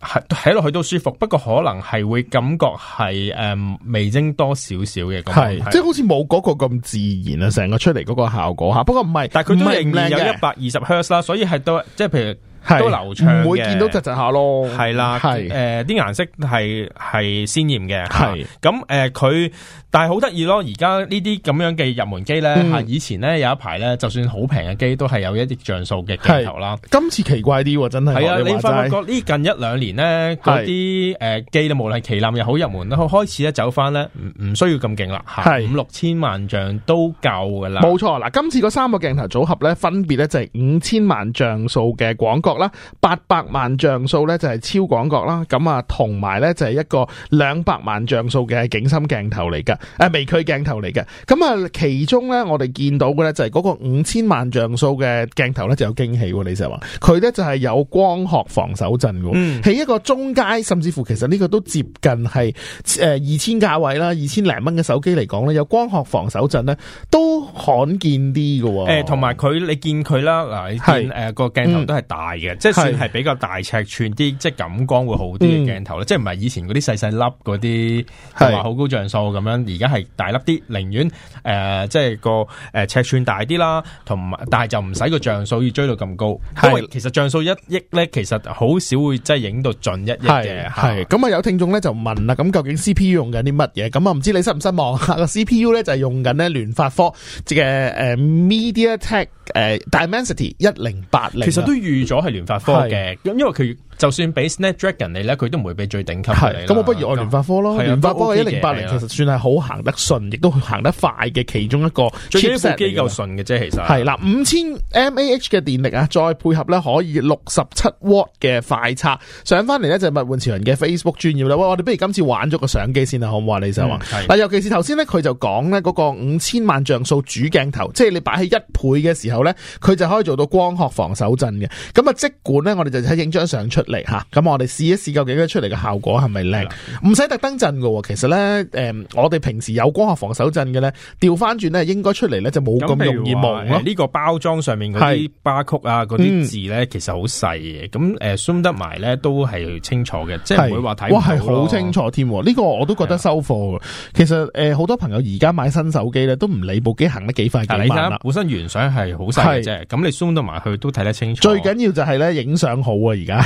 係睇落去都舒服，不過可能係會感覺係誒、嗯、味精多少少嘅，係是是即係好似冇嗰個咁自然啊，成個出嚟嗰個效果吓。不過唔係，但係佢都仍然有一百二十赫茲啦，所以係都即係譬如。是都流暢嘅，唔會見到窒窒下咯。係啦，係誒是，啲顏、呃、色系係鮮艷嘅。係咁誒，佢是、呃、但係好得意咯。而家呢啲咁樣嘅入門機咧，吓、嗯、以前咧有一排咧，就算好平嘅機都係有一億像素嘅鏡頭啦。今次奇怪啲，真係。係啊，你發覺呢近一兩年咧，啲誒機咧，無論旗艦又好入門，都開始咧走翻咧，唔唔需要咁勁啦，係五六千萬像都夠噶啦。冇錯，嗱，今次個三個鏡頭組合咧，分別咧就係五千萬像素嘅廣告啦，八百萬像素咧就係超廣角啦，咁啊同埋咧就係一個兩百萬像素嘅景深鏡頭嚟噶，誒、啊、微距鏡頭嚟嘅，咁啊其中咧我哋見到嘅咧就係嗰個五千萬像素嘅鏡頭咧就有驚喜，你就話佢咧就係有光學防手震嘅，喺、嗯、一個中階甚至乎其實呢個都接近係誒二千價位啦，二千零蚊嘅手機嚟講咧有光學防手震咧都罕見啲嘅，誒同埋佢你見佢啦，嗱你見誒個鏡頭都係大。嗯即係算係比較大尺寸啲，即係感光會好啲嘅鏡頭啦，即係唔係以前啲細細粒嗰啲，話好高像素咁樣，而家係大粒啲，寧願誒即係個誒尺寸大啲啦，同埋但係就唔使個像素要追到咁高，係其實像素一億咧，其實好少會即係影到盡一億嘅。係咁啊，有聽眾咧就問啦，咁究竟 CPU 用緊啲乜嘢？咁啊，唔知你失唔失望吓？個 CPU 咧就係用緊咧聯發科即嘅誒 MediaTek 誒 Dimensity 一零八零，其實都預咗。聯發科嘅咁，是因為佢。就算俾 Snapdragon 你，咧，佢都唔會俾最頂級。咁我不如愛聯發科咯。啊、聯發科喺一零八零，其實算係好行得順，亦、啊、都行得快嘅其中一個。最緊要機構順嘅啫，其實係嗱五千 mAh 嘅電力啊，再配合咧可以六十七 W 嘅快充、嗯、上翻嚟咧，就係物玩潮人嘅 Facebook 專頁啦。喂，我哋不如今次玩咗個相機先啦、啊、好唔好啊？李生啊，嗱、嗯，尤其是頭先咧，佢就講咧嗰個五千萬像素主鏡頭，即係你擺喺一倍嘅時候咧，佢就可以做到光學防手震嘅。咁啊，即管咧，我哋就喺影張相出。嚟吓，咁、啊、我哋試一試，究竟出嚟嘅效果係咪靚？唔使特登震嘅，其實咧，誒、嗯，我哋平時有光學防手震嘅咧，調翻轉咧，應該出嚟咧就冇咁容易矇。呢、欸這個包裝上面嗰啲 barcode 啊，嗰啲是字咧，其實好細嘅，咁、嗯、誒、呃、zoom 得埋咧都係清楚嘅，即係唔會話睇唔到，哇，係好清楚添。呢、這個我都覺得收貨。的其實誒，好、呃、多朋友而家買新手機咧，都唔理部機行得快但你幾快幾慢啦。本身原相係好細嘅啫，咁是你 zoom 得埋去都睇得清楚。最緊要就係咧，影相好啊，而家。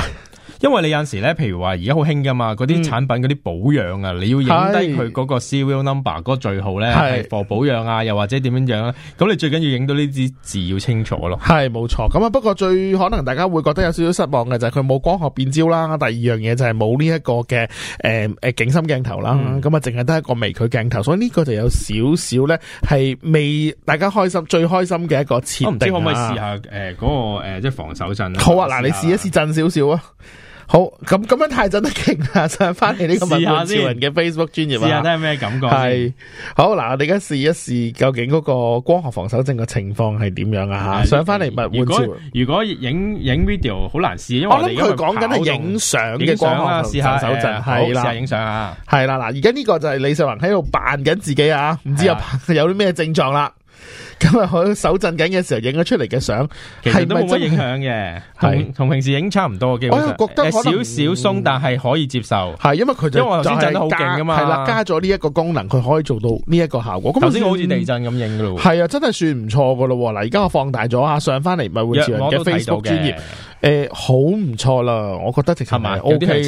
因為你有陣時咧，譬如話而家好興噶嘛，嗰啲產品嗰啲保養啊，嗯、你要影低佢嗰個 serial number 嗰是個最好咧，係防是保養啊，又或者點樣樣啊。咁你最緊要影到呢支字要清楚咯。係冇錯。咁啊，不過最可能大家會覺得有少少失望嘅就係佢冇光學變焦啦。第二樣嘢就係冇呢一個嘅誒誒景深鏡頭啦。咁啊、嗯，淨係得一個微距鏡頭，所以呢個就有少少咧係未大家開心最開心嘅一個切、啊。唔、啊、可唔可以試下誒嗰、呃那個誒、呃、即係防手震好啊，嗱，你試一試震少少啊！好，咁咁樣太震得勁啦！上翻嚟呢個物玩潮人嘅 Facebook 專頁，試下睇係咩感覺。係好嗱，我哋而家試一試，究竟嗰個光學防手震嘅情況係點樣啊？吓，上翻嚟物玩潮如果。如果影影 video 好難試，因為我諗佢講緊係影相嘅光啊。試下防手震係啦，影相啊，係啦嗱，而家呢個就係李秀雲喺度扮緊自己啊，唔知有有啲咩症狀啦。咁啊，佢手震緊嘅時候影咗出嚟嘅相，其實都冇乜影響嘅，同同是平時影差唔多嘅。我又覺得少少鬆，但係可以接受。係因為佢因為我頭先震得好勁啊嘛，係啦，加咗呢一個功能，佢可以做到呢一個效果。咁頭先好似地震咁影噶咯，係啊，真係算唔錯噶咯。嗱，而家我放大咗下，上翻嚟咪會。我都睇到嘅。誒、欸，好唔錯啦，我覺得係咪？O K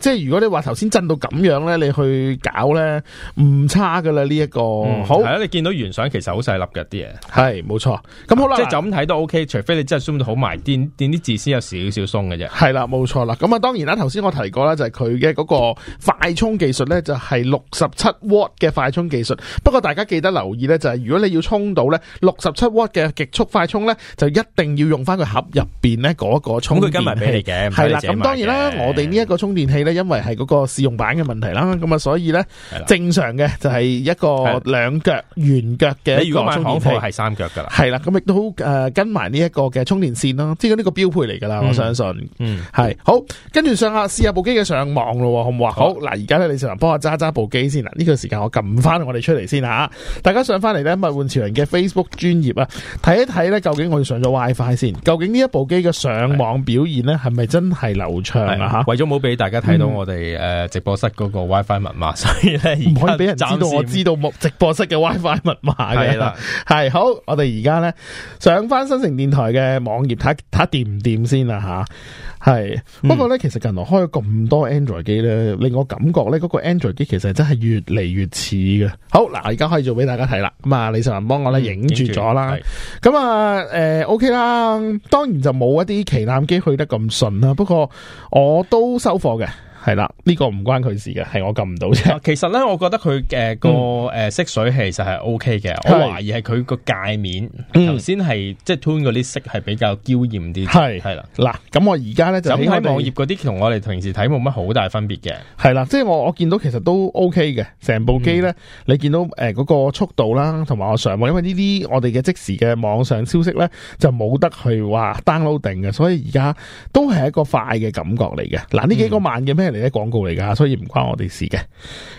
即係如果你話頭先震到咁樣咧，你去搞咧，唔差噶啦。呢、這、一個、嗯、好係啊！你見到原相其實好細粒。嘅啲嘢係冇錯，咁好啦，即係就咁睇都 OK，除非你真係鬆到好埋，電電啲字先有少少鬆嘅啫。係啦，冇錯啦。咁啊，當然啦，頭先我提過啦，就係佢嘅嗰個快充技術咧，就係六十七瓦嘅快充技術。不過大家記得留意咧，就係如果你要充到咧六十七瓦嘅極速快充咧，就一定要用翻個盒入邊咧嗰個充電器。佢今日俾你嘅係啦。咁當然啦，我哋呢一個充電器咧，因為係嗰個試用版嘅問題啦，咁啊，所以咧正常嘅就係一個兩腳圓腳嘅。你如果買？港貨係三腳噶啦，係啦，咁亦都好，誒跟埋呢一個嘅充電線咯，即係呢個標配嚟噶啦，我相信，嗯，係好，跟住上下試下部機嘅上網咯，好唔好啊？好，嗱，而家咧李尚文幫我揸揸部機先啦，呢個時間我撳翻我哋出嚟先吓，大家上翻嚟咧物換潮人嘅 Facebook 專頁啊，睇一睇咧究竟我哋上咗 WiFi 先，究竟呢一部機嘅上網表現咧係咪真係流暢啊？吓，為咗冇俾大家睇到我哋誒直播室嗰個 WiFi 密碼，所以咧唔可以俾人知道我知道目直播室嘅 WiFi 密碼嘅。係好，我哋而家咧上翻新城電台嘅網頁睇睇掂唔掂先啦吓。係、啊，不過咧、嗯、其實近來開咗咁多 Android 機咧，令我感覺咧嗰、那個 Android 機其實真係越嚟越似嘅。好嗱，而家可以做俾大家睇啦。咁啊，李世文幫我咧影住咗啦。咁啊，誒、呃，OK 啦。當然就冇一啲旗艦機去得咁順啦。不過我都收貨嘅。係啦，呢、這個唔關佢事嘅，係我撳唔到啫。其實咧，我覺得佢嘅個誒色水其實係 O K 嘅。嗯、我懷疑係佢個界面頭先係即係 turn 嗰啲色係比較嬌艷啲。係係是了啦，嗱咁我而家咧就打開網頁嗰啲，同我哋平時睇冇乜好大分別嘅。係啦，即係我我見到其實都 O K 嘅。成部機咧，嗯、你見到誒嗰、呃那個速度啦，同埋我上網，因為呢啲我哋嘅即時嘅網上消息咧，就冇得去話 download 定嘅，所以而家都係一個快嘅感覺嚟嘅。嗱呢幾個慢嘅咩？嗯廣告嚟噶，所以唔關我哋事嘅。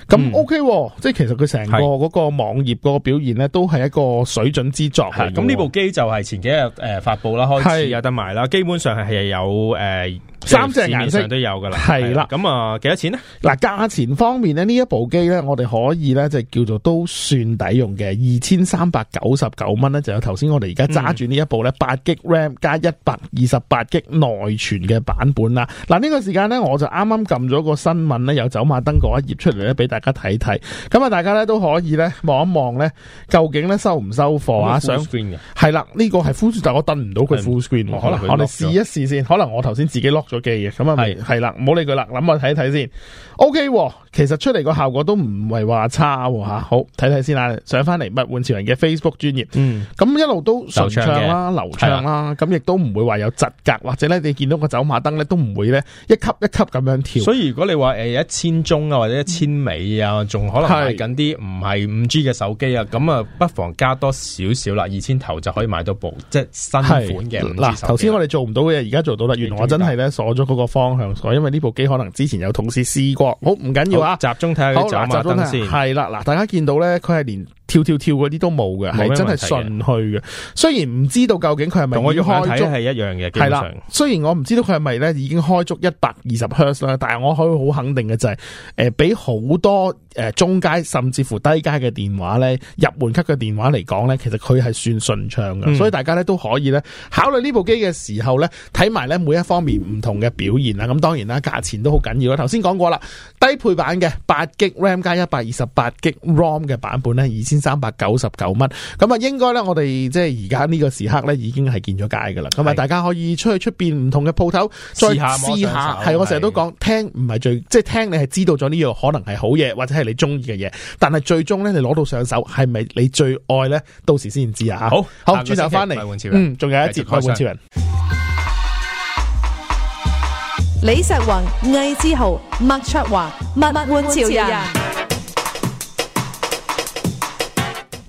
咁 OK，即、啊、係、嗯、其實佢成個嗰個網頁嗰個表現咧，都係一個水準之作。咁呢部機就係前幾日誒發佈啦，開始有得賣啦。基本上係係有誒。呃三隻顏色上都有噶啦，係啦了，咁啊幾多錢呢？嗱價錢方面呢，呢一部機呢，我哋可以呢，就叫做都算抵用嘅，二千三百九十九蚊呢，就有頭先我哋而家揸住呢一部呢，八、嗯、GB RAM 加一百二十八 GB 內存嘅版本啦。嗱、這、呢個時間呢，我就啱啱撳咗個新聞呢，有走馬燈嗰一頁出嚟呢，俾大家睇睇。咁啊，大家呢都可以呢望一望呢，究竟呢收唔收貨啊？Full screen 嘅，係啦，呢、這個係 full，但我登唔到佢 full screen，可能我哋試一試先，可能我頭先自己碌。咗機嘅，咁啊係係啦，唔好理佢啦，諗我睇睇先。O、OK, K，其實出嚟個效果都唔係話差吓、啊，好睇睇先啦，上翻嚟物玩潮人嘅 Facebook 專頁，嗯，咁一路都順暢啦，流暢啦，咁亦都唔會話有窒格，或者咧你見到個走馬燈咧都唔會咧一級一級咁樣跳。所以如果你話誒一千中啊或者一千尾啊，仲、嗯、可能買緊啲唔係五 G 嘅手機啊，咁啊是不妨加多少少啦，二千頭就可以買到部即係新款嘅。嗱，頭、啊、先我哋做唔到嘅，而家做到啦，原來我真係咧。鎖咗嗰個方向，鎖，因為呢部機可能之前有同事試過，好唔緊要啊，集中睇下佢走馬燈先，係啦，嗱，大家見到咧，佢係連。跳跳跳嗰啲都冇嘅，係真係順去嘅。雖然唔知道究竟佢係咪同我睇係一樣嘅，係啦。雖然我唔知道佢係咪咧已經開足一百二十赫茲啦，但係我可以好肯定嘅就係、是，誒、呃，俾好多誒中階甚至乎低階嘅電話咧，入門級嘅電話嚟講咧，其實佢係算順暢嘅。嗯、所以大家咧都可以咧考慮呢部機嘅時候咧，睇埋咧每一方面唔同嘅表現啦。咁當然啦，價錢都好緊要啦。頭先講過啦，低配版嘅八 g RAM 加一百二十八 g ROM 嘅版本咧，二三百九十九蚊，咁啊，應該咧，我哋即係而家呢個時刻咧，已經係見咗街噶啦。咁啊的，大家可以出去出邊唔同嘅鋪頭再試下，係我成日都講，聽唔係最，即係聽你係知道咗呢樣可能係好嘢，或者係你中意嘅嘢，但係最終咧，你攞到上手係咪你最愛咧，到時先知啊！好好，轉頭翻嚟，人嗯，仲有一節物玩潮人，李石宏、魏志豪、麥卓華、麥，物玩潮人。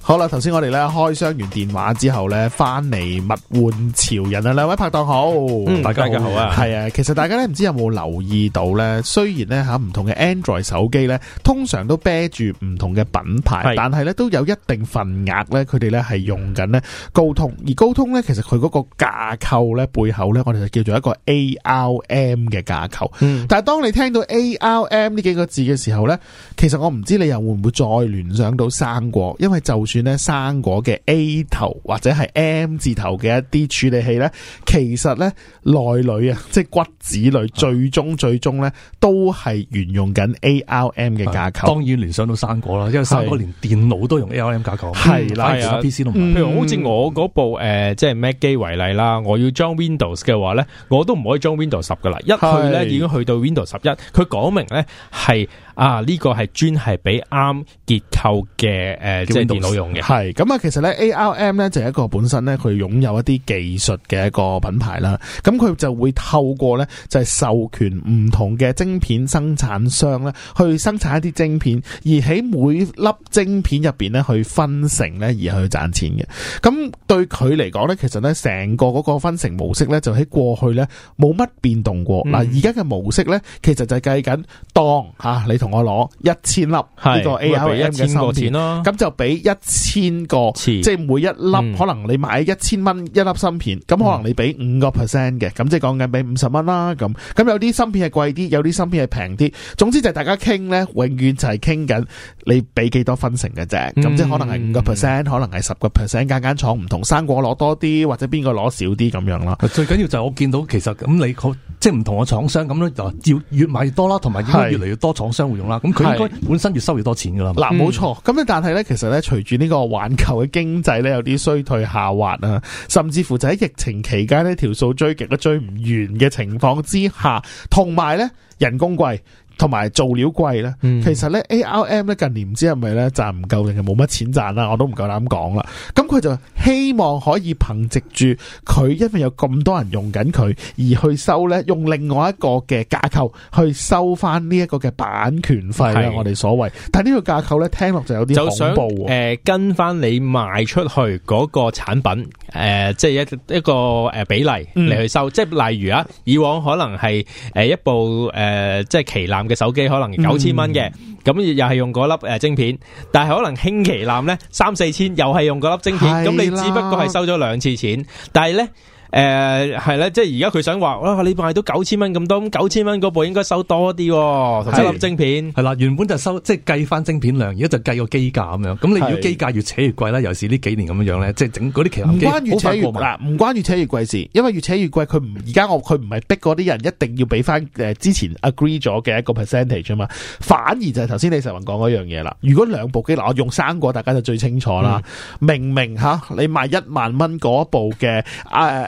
好啦，頭先我哋咧開箱完電話之後咧，翻嚟物玩潮人啦，兩位拍檔好，嗯，大家好啊，係啊，其實大家咧唔知有冇留意到咧，雖然咧吓唔同嘅 Android 手機咧，通常都啤住唔同嘅品牌，但係咧都有一定份額咧，佢哋咧係用緊咧高通，而高通咧其實佢嗰個架構咧背後咧，我哋就叫做一個 ARM 嘅架構，嗯，但係當你聽到 ARM 呢幾個字嘅時候咧，其實我唔知你又會唔會再聯想到生果，因為就算。咧生果嘅 A 頭或者係 M 字頭嘅一啲處理器咧，其實咧內裏啊，即係骨子裏、嗯、最終最終咧，都係沿用緊 ARM 嘅架構。當然聯想到生果啦，因為生果連電腦都用 ARM 架構，係啦，連 PC 都唔。譬、嗯、如好似我嗰部誒、呃、即係 Mac 機為例啦，我要裝 Windows 嘅話咧，我都唔可以裝 Windows 十噶啦，一去咧係已經去到 Windows 十一。佢講明咧係。啊！呢、這個係專係俾 ARM 結構嘅，誒、呃，即係電腦用嘅。係咁啊，其實咧，ARM 咧就係一個本身咧，佢擁有一啲技術嘅一個品牌啦。咁佢就會透過咧，就係授權唔同嘅晶片生產商咧，去生產一啲晶片，而喺每粒晶片入邊咧去分成咧，而去賺錢嘅。咁對佢嚟講咧，其實咧成個嗰個分成模式咧，就喺過去咧冇乜變動過。嗱、嗯，而家嘅模式咧，其實就係計緊當吓、啊、你同。我攞一千粒呢個 ARM 嘅芯片咯，咁就俾一千個，即係每一粒、嗯、可能你買一千蚊一粒芯片，咁可能你俾五個 percent 嘅，咁即係講緊俾五十蚊啦。咁咁有啲芯片係貴啲，有啲芯片係平啲，總之就係大家傾咧，永遠就係傾緊你俾幾多分成嘅啫。咁即係可能係五個 percent，可能係十個 percent，間間廠唔同，生果攞多啲或者邊個攞少啲咁樣啦。最緊要就係我見到其實咁你即係唔同嘅廠商咁咧，樣就要越買越多啦，同埋越嚟越多廠商會。咁佢應該本身越收越多錢噶啦。嗱，冇錯。咁咧，但係咧，其實咧，隨住呢個環球嘅經濟咧，有啲衰退下滑啊，甚至乎就喺疫情期間呢條數追極都追唔完嘅情況之下，同埋咧，人工貴。同埋做料貴咧，其實咧 ARM 咧近年唔知係咪咧賺唔夠定係冇乜錢賺啦，我都唔夠膽講啦。咁佢就希望可以憑藉住佢因為有咁多人用緊佢，而去收咧用另外一個嘅架構去收翻呢一個嘅版權費啦。我哋所謂，但係呢個架構咧聽落就有啲就想，誒跟翻你賣出去嗰個產品，誒即係一一個誒比例嚟去收，即係例如啊，以往可能係誒一部誒即係旗艦嘅手機可能九千蚊嘅，咁又係用嗰粒誒晶片，但係可能輕旗艦呢，三四千，又係用嗰粒晶片，咁的你只不過係收咗兩次錢，但係呢。誒，係咧、呃，即係而家佢想話，哇、啊，你賣到九千蚊咁多，九千蚊嗰部應該收多啲、哦，即粒晶片，係啦，原本就是收，即係計翻晶片量，而家就計個機價咁樣，咁你如果機價越扯越貴啦，尤其是呢幾年咁樣樣咧，即係整嗰啲旗艦機好快過埋，唔關越扯越貴事，因為越扯越貴，佢唔而家我佢唔係逼嗰啲人一定要俾翻誒之前 agree 咗嘅一個 percentage 啊嘛，反而就係頭先李石文講嗰樣嘢啦，如果兩部機，嗱我用生果大家就最清楚啦，嗯、明明吓你賣 1, 一萬蚊嗰部嘅誒。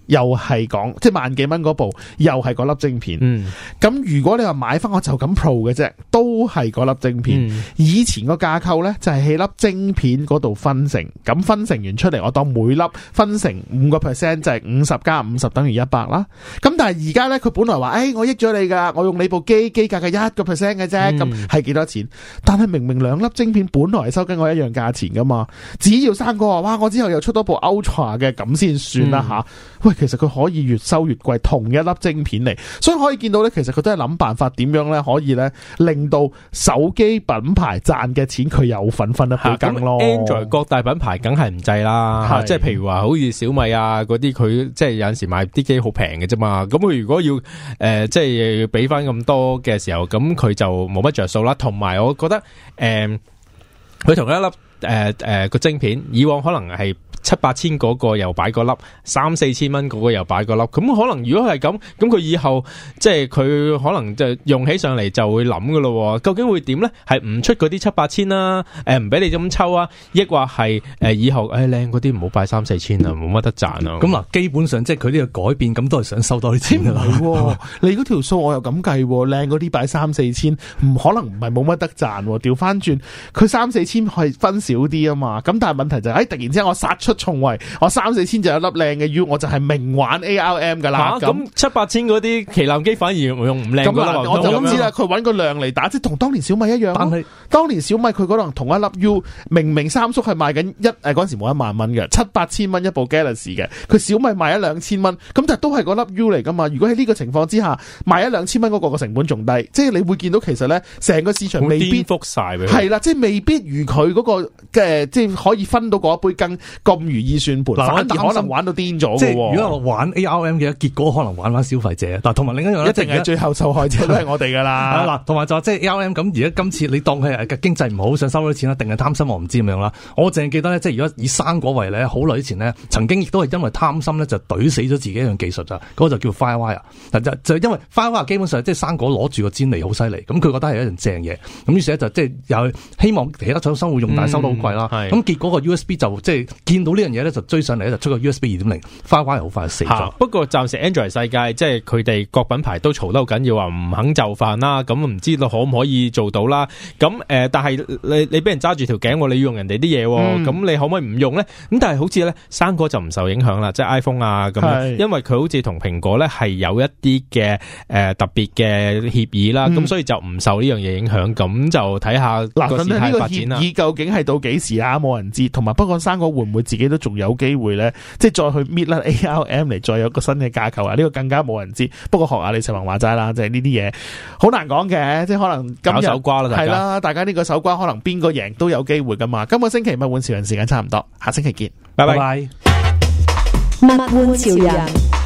又係講，即係萬幾蚊嗰部，又係嗰粒晶片。咁、嗯、如果你話買翻我就咁 Pro 嘅啫，都係嗰粒晶片。嗯、以前個架構呢，就係喺粒晶片嗰度分成，咁分成完出嚟，我當每粒分成五個 percent，就係五十加五十等於一百啦。咁但係而家呢，佢本來話誒、哎，我益咗你噶，我用你部機機價嘅一個 percent 嘅啫，咁係幾多錢？但係明明兩粒晶片本來係收緊我一樣價錢噶嘛，只要三個話，哇！我之後又出多部 Ultra 嘅，咁先算啦吓、嗯。喂！其實佢可以越收越貴，同一粒晶片嚟，所以可以見到咧，其實佢都係諗辦法點樣咧，可以咧令到手機品牌賺嘅錢，佢有份分得半羹咯。Android 各大品牌梗係唔制啦，即係的譬如話，好似小米啊嗰啲，佢即係有陣時候買啲機好平嘅啫嘛。咁佢如果要誒，即、呃、係、就是、要俾翻咁多嘅時候，咁佢就冇乜着數啦。同埋，我覺得誒，佢、呃、同一粒誒誒個晶片，以往可能係。七八千嗰個又擺個粒，三四千蚊嗰個又擺個粒，咁可能如果係咁，咁佢以後即係佢可能就用起上嚟就會諗噶咯，究竟會點呢？係唔出嗰啲七八千啦、啊，誒唔俾你咁抽啊，抑或係誒以後誒靚嗰啲唔好擺三四千啊，冇乜得賺啊。咁嗱、嗯，基本上即係佢呢個改變咁都係想收多啲錢啦。 你嗰條數我又咁計、哦，靚嗰啲擺三四千，唔可能唔係冇乜得賺、啊。調翻轉，佢三四千係分少啲啊嘛。咁但係問題就係、誒，突然之間我殺出重圍，我三四千就有粒靚嘅 U，我就係明玩 ARM 噶啦。咁七八千嗰啲旗艦機反而用唔靚噶啦。我就咁知啦，佢揾個量嚟打，即係同當年小米一樣。但係當年小米佢可能同一粒 U，明明三叔係賣緊一誒，嗰陣時冇一萬蚊嘅，七八千蚊一部 Galaxy 嘅，佢小米賣一兩千蚊，咁但係都係嗰粒 U 嚟噶嘛。如果喺呢個情況之下賣一兩千蚊嗰個，個成本仲低，即係你會見到其實咧成個市場未必係啦，即係未必如佢嗰個嘅，即係可以分到嗰一杯羹個。咁如意算盤，反而可能是玩到癲咗。即係如果我玩 ARM 嘅，結果可能玩翻消費者。嗱，同埋另外一樣咧，一定係最後受害者 都係我哋噶啦。嗱，同埋就係即係 ARM 咁。而家今次你當佢經濟唔好，想收咗啲錢啦，定係貪心，我唔知咁樣啦。我淨係記得咧，即係如果以生果為例，好耐以前呢，曾經亦都係因為貪心咧，就懟死咗自己一樣技術就，嗰、嗰個就叫 FireWire。就因為 FireWire 基本上即係生果攞住個專利好犀利，咁佢覺得係一樣正嘢，咁於是咧就即係又希望其他廠生活用大，但係、嗯、收到好貴啦。咁是結果個 USB 就即係見到。樣呢樣嘢咧就追上嚟就出個 USB 二點零，花花又好快死咗。不過暫時 Android 世界即係佢哋各品牌都嘈嬲緊，要話唔肯就範啦。咁唔知道可唔可以做到啦？咁誒，但係、呃、你你俾人揸住條頸，我你要用人哋啲嘢，咁、嗯、你可唔可以唔用咧？咁但係好似咧，生果就唔受影響啦，即係 iPhone 啊咁是因為佢好似同蘋果咧係有一啲嘅誒特別嘅協議啦，咁、嗯、所以就唔受就看看呢樣嘢影響。咁就睇下嗱，等等呢個協議究竟係到幾時啊？冇人知。同埋，不過生果會唔會都仲有機會咧，即係再去搣甩，ARM 嚟，再有個新嘅架構啊！呢個更加冇人知，不過學下李世宏話齋啦，就係呢啲嘢好難講嘅，即係可能今日手瓜啦，係啦，大家呢個手瓜可能邊個贏都有機會噶嘛。今個星期物玩潮人時間差唔多，下星期見，拜拜。物玩潮人。